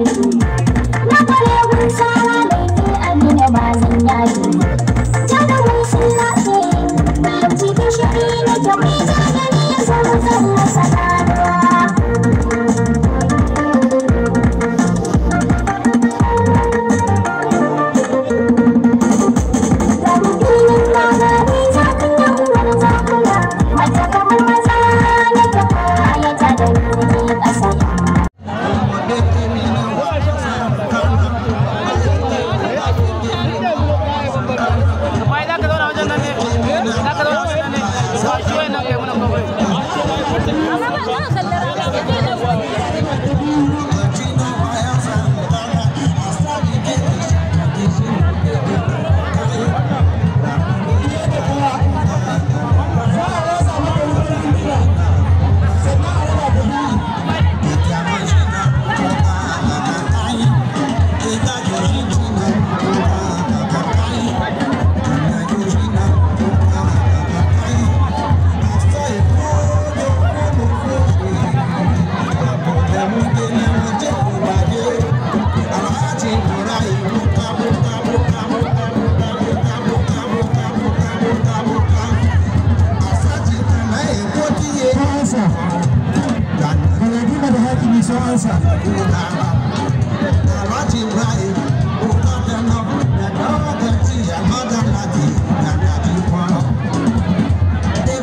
Música 妈妈问。answer you will have. What you write, who got them up, the dog that you are not a lucky, and that you want. The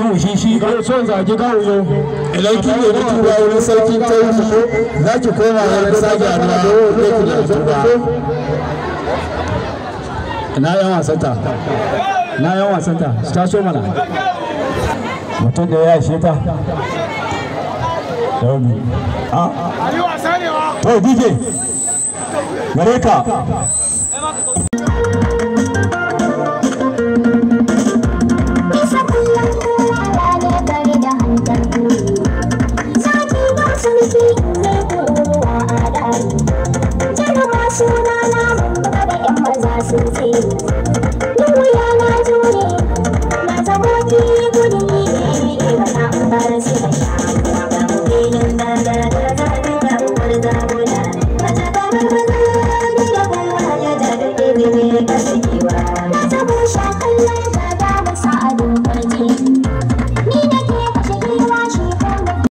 tuwo shi shi son zage ga idan ki ne da sarki wurin za ki koma ya da ki da na yan wasanta na yan ta so mana mutum da ya shi ta Ali wasa ne wa. Ah. To DJ. sarki ne kowa a dari. Jarawa suna na mun da 'yan maza sun